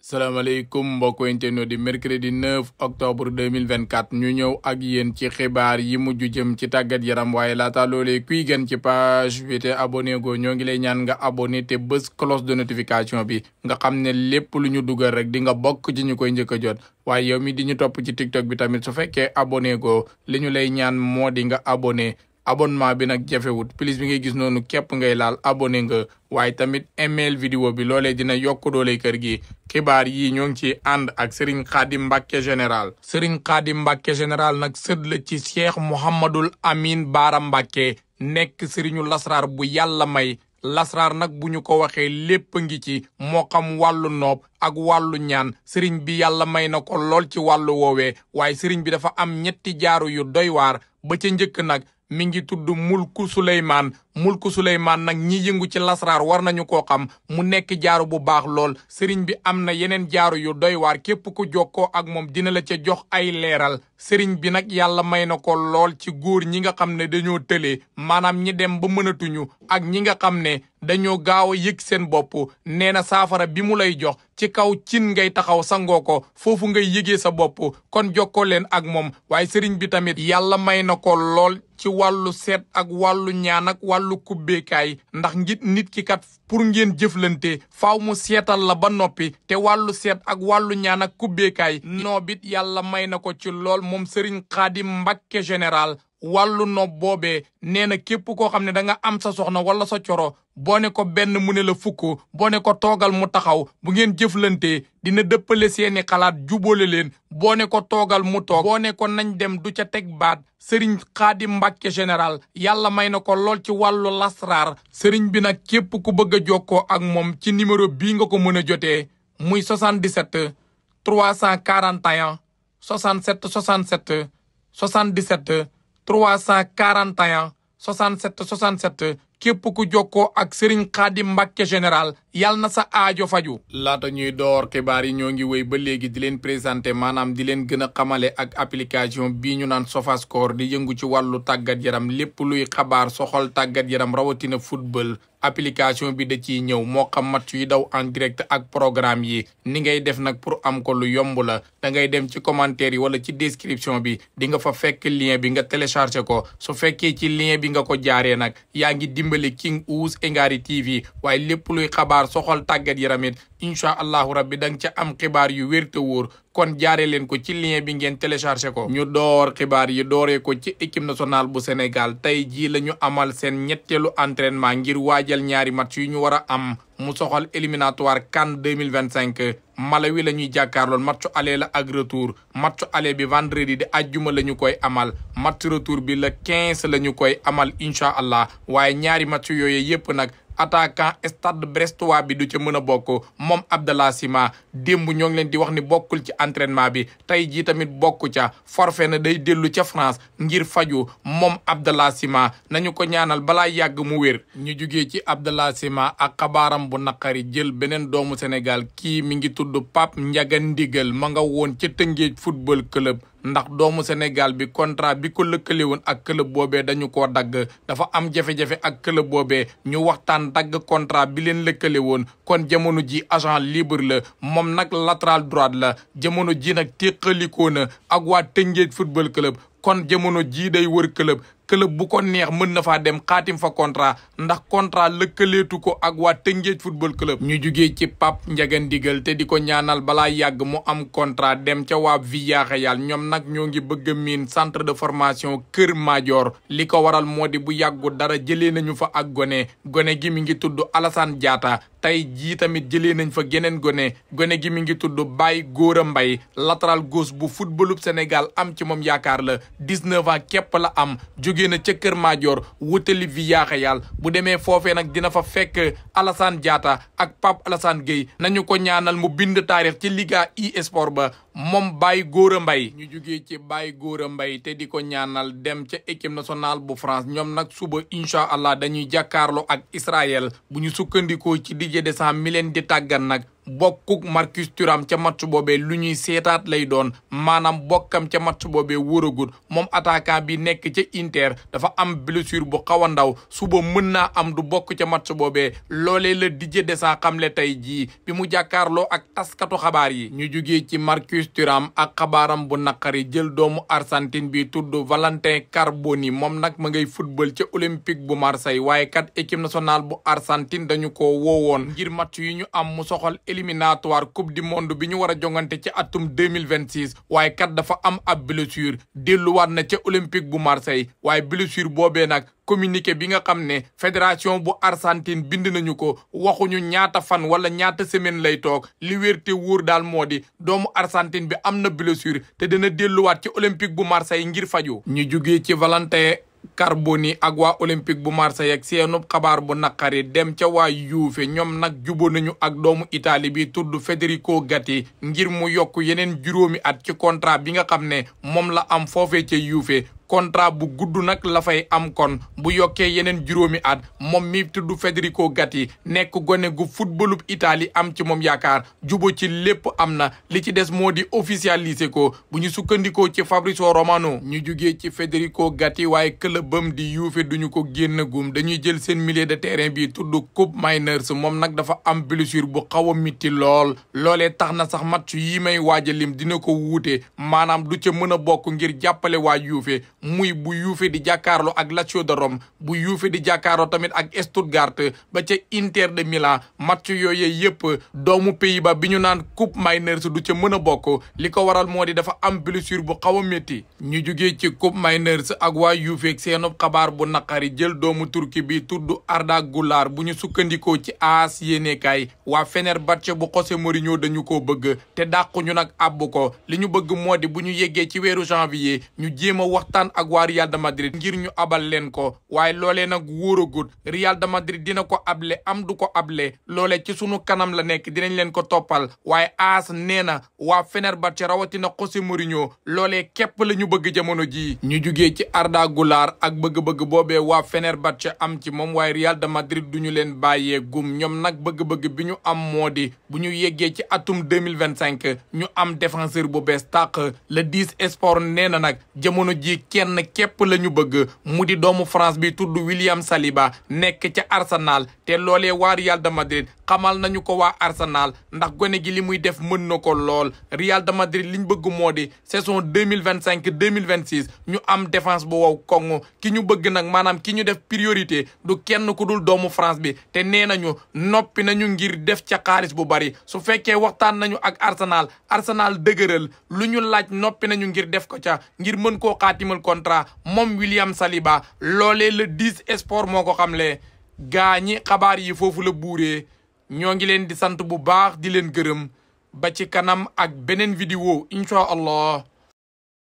salaamaaleykum mbokku internet di mercredi 9 octobre 2024 ñu ñëw ak yéen ci xibaar yi mujj jëm ci tàggat yaram waaye laata loolee kuy gën ci page bi te abonné ñoo ngi lay ñaan nga abonné te bés cloche de notification bi nga xam ne lépp lu ñu dugal rek di nga bokk ci ñu koy njëkk a jot waaye yow mi di ñu topp ci tiktok bi tamit su fekke abonné go li ñu lay ñaan moo di nga abonné abonnement bi nag jafewut plus bi ngay gis noonu képp ngay laal abonné nga waaye tamit email vidéo bi loolee dina yokk doole kër gi xibaar yi ñoo ngi ci ànd ak Serigne Khadim Mbacké général Serigne Khadim Mbacké général nag sët ci Cheikh Mouhamadul Amin Baara Mbacké nekk Serigne lasraar bu yàlla may lasraar nag bu ñu ko waxee lépp ngi ci moo xam wàllu noob ak wàllu ñaan sëriñ bi yàlla may na ko lool ci wàllu woowe waaye sëriñ bi dafa am ñetti jaaru yu doy waar njëkk nag mi ngi tudd mulku suleymaan mulku suleymaan nag ñi yëngu ci lasraar war nañu koo xam mu nekk jaaru bu baax lool sëriñ bi am na yeneen jaaru yu doy képp ku jokkoo ak moom dina la ca jox ay leeral sëriñ bi nag yàlla may na ko lool ci góor ñi nga xam ne dañoo tëlee maanaam ñi dem ba mënatuñu ak ñi nga xam ne dañoo gaaw a yëg seen bopp nee na saafara bi mu lay jox ci kaw cin ngay taxaw sangoo ko foofu ngay yëgee sa bopp kon jokkoo leen ak moom waaye sëriñ bi tamit yàlla may na ko lool ci wàllu seet ak wàllu wàllu kubbeekaay ndax ngit nit ki kat pour ngeen jëflante faw mu seetal la ba noppi te wàllu seet ak wàllu ñaan ak kubbeekaay noobit yàlla may na ko ci lool moom Serigne Khadim Mbacké général wàllu nopp boobee nee na képp koo xam ne da nga am sa soxna wala sa coro boo ne ko benn mu ne la fukk boo ne ko toogal mu taxaw bu ngeen jëflante dina dëppale seeni xalaat jubale leen boo ne ko toogal mu toog boo ne ko nañ dem du ca teg baat sëriñ xaadim mbàkke général yàlla may na ko lool ci wàllu lasraar sëriñ bi nag képp ku bëgg a jokkoo ak moom ci numéro bii nga ko mën a jotee muy 77 341 67 67 77 341 67 67 képp ku jokkoo ak sëriñ xaadim mbakke général yal na sa aajo faju laata ñuy door xibaar yi ñoo ngi wéy ba léegi di leen présenté maanaam di leen gën a xamale ak application bii ñu naan Sofascore di yëngu ci wàllu tàggat yaram lépp luy xabaar soxol tàggat yaram rawatina football application bi da ciy ñëw moo xam mat yi daw en direct ak programme yi ni ngay def nag pour am ko lu yomb la da ngay dem ci commentaire yi wala ci description bi di nga fa fekk lien bi nga téléchargé ko su fekkee ci lien bi nga ko jaaree nag dimbali King Ouse et Ngary TV waaye lépp luy xabaar soxol tàggat yaram incha allahu rabbi da nga ca am xibaar yu wér te kon jaare leen ko ci lien bi ngeen téléchargé ko ñu door xibaar yi dooree ko ci équipe nationale bu Sénégal tey jii la ñu amal seen ñetteelu entraînement ngir waajal ñaari match yu ñu war a am mu soxal éliminatoire CAN 2025 Malawi la ñuy jàkkaarlool match aller la ak retour match aller bi vendredi di ajjuma la ñu koy amal match retour bi le 15 la ñu koy amal incha allah waaye ñaari match yooyu yëpp nag attaquant stade brestois bi du ca mën a bokk moom Abdallah Sima démb ñoo ngi leen di wax ni bokkul ci entraînement bi tey jii tamit bokku ca forfait na day dellu ca France ngir faju moom Abdallah Sima nañu ko ñaanal balaa yàgg mu wér. ñu jugee ci Abdallah Sima ak xabaaram bu naqari jël beneen doomu Sénégal kii mi ngi tudd Pape Ndiaga Ndigal ma nga woon ca Tëngéej football club. ndax doomu Sénégal bi contrat bi ko lëkkale woon ak club boobee dañu ko dagg dafa am jafe-jafe ak club boobee ñu waxtaan dagg contrat bi leen lëkkale woon kon jamono ji agent libre la moom nag latral droite la jamono ji nag téqalikoo na ak waa Tëngéej football club kon jamono jii day wër club club bu ko neex mën na faa dem xaatim fa contrat ndax contrat lëkkaleetu ko ak waa Tëngéej football club. ñu jugee ci Pape Ndiaga Ndigal te di ko ñaanal balaa yàgg mu am contrat dem ca waa Villarreal ñoom nag ñoo ngi bëgg a miin centre de formation Kër Madior li ko waral moo di bu yàggu dara jëlee nañu fa ak gone gone gi mi ngi tudd Alassane jaata tey jii tamit jëlee nañ fa geneen gone gone gi mi ngi tudd góor a Mbaye latral gauche bu footballub Sénégal am ci moom yaakaar la 19 ans képp la am jóge na ca Kër Madior wutali Villarreal bu demee foofee nag dina fa fekk Alassane Diatta ak Pape Alassane Gueye nañu ko ñaanal mu bind taarix ci Liga e-sport ba moom góor a Mbaye ñu jugee ci góor a Mbaye te di ko ñaanal dem ca équipe national bu France ñoom nag suba incha allah dañuy jàkkaarloo ak Israël bu ñu sukkandiku ci Didier de mi leen di tàggat nag bokkuk Marcus Thuram ca match boobee lu ñuy seetaat lay doon maanaam bokkam ca match boobee wóoragul moom attaquant bi nekk ca Inter dafa am blessure bu xaw a ndaw suba mën naa am du bokk ca match boobee loolee la Didier Deschamps le tey jii bi mu jàkkaarloo ak taskatu xabaar yi ñu jugee ci Marcus Thuram ak xabaaram bu naqari jël doomu Argentine bi tudd Valentin Carboni moom nag ma ngay football ci Olympique bu Marseille waaye kat équipe nationale bu Argentine dañu ko woowoon ngir match ñu am éliminatoire coupe du monde bi ñu war a jongante ci atum 2026 waaye kat dafa am ab blessure delluwaat na ca olympique bu Marseille waaye blessure boobee nag communiqué bi nga xam ne fédération bu arsantine bind nañu ko waxuñu ñaata fan wala ñaata semaine lay toog li wérte daal moo di doomu Argentine bi am na blessure te dina delluwaat ci olympique bu Marseille ngir fajo ñu jugee ci Valentin Carboni ak waa olympique bu Marseille ak seenub xabaar bu naqari dem ca waa ñoom nag juboo nañu ak doomu itali bi tudd Federico Gatti ngir mu yokk yeneen juróomi at ci contrat bi nga xam ne moom la am foofe ca Juve contrat bu gudd nag la fay am kon bu yokkee yeneen juróomi at moom mi tudd Federico Gatti nekk gone gu footballub itali am ci moom yaakaar jubo ci lépp am na li ci des moo di officialiser ko bu ñu sukkandikoo ci Fabrizio Romano ñu jugee ci Federico Gatti waaye këlëbam di yuufe duñu ko génna gum dañuy jël seen milieu de terrain bi tudd Coupe Miners moom nag dafa am blessure bu xaw a mitti lool loolee tax na sax match yi may waaja lim dina ko wuute maanaam du ca mën a bokk ngir jàppale waa yuufe muy bu yuufe di jàkkaarloo ak Lazio de Rome bu yuufe di jàkkaarloo tamit ak Stuttgart ba ca Inter de Milan match yooyu yëpp doomu Pays-Bas bi ñu naan Coupe Mainers du ca mën a bokk li ko waral moo di dafa am blessure bu xaw a métti ñu jugee ci Coupe Mainers ak waa yuufeeg seenub xabaar bu naqari jël doomu Turki bi tudd Arda Güler bu ñu sukkandikoo ci AS yéenekaay waa Fenerbahçe bu José Mourinho dañu ko bëgg te dàqu ñu nag àbb ko li ñu bëgg moo di bu ñu yeggee ci weeru janvier ñu jéem a waxtaan Barcelone ak waa Real de Madrid ngir ñu abal leen ko waaye loolee nag wóoragut Real de Madrid dina ko able am du ko able loolee ci sunu kanam la nekk dinañ leen ko toppal waaye AS nee na waa Fenerbahçe rawatina José Mourinho loolee képp la ñu bëgg jamono jii ñu jugee ci Arda Güler ak bëgg-bëgg boobe waa Fenerbahçe am ci moom waaye Real de Madrid duñu leen bàyyee gum ñoom nag bëgg-bëgg bi ñu am moo di bu ñu yeggee ci atum deux mille vingt cinq ñu am défenseur bu bees tàq le dix sport nag kenn képp la ñu bëgg mu di doomu France bi tudd William Saliba nekk ca Arsenal te loolee waa Real de Madrid xamal nañu ko waa Arsenal ndax gone gi li muy def mën na ko lool Real de Madrid liñ bëgg moo di saison deux mille vingt cinq deux mille vingt six ñu am défense bu wow koŋŋ ki ñu bëgg nag maanaam ki ñu def priorité du kenn ku dul doomu France bi te nee nañu noppi nañu ngir def ca xaalis bu bari su fekkee waxtaan nañu ak Arsenal Arsenal dëgëral lu ñu laaj noppi nañu ngir def ko ca ngir mën koo xaatimal contrat moom William Saliba loole le 10 sport moo ko xamle gaa ñi xabaar yi foofu la buuree ñoo ngi leen di sant bu baax di leen gërëm ba ci kanam ak beneen vidéo incha allah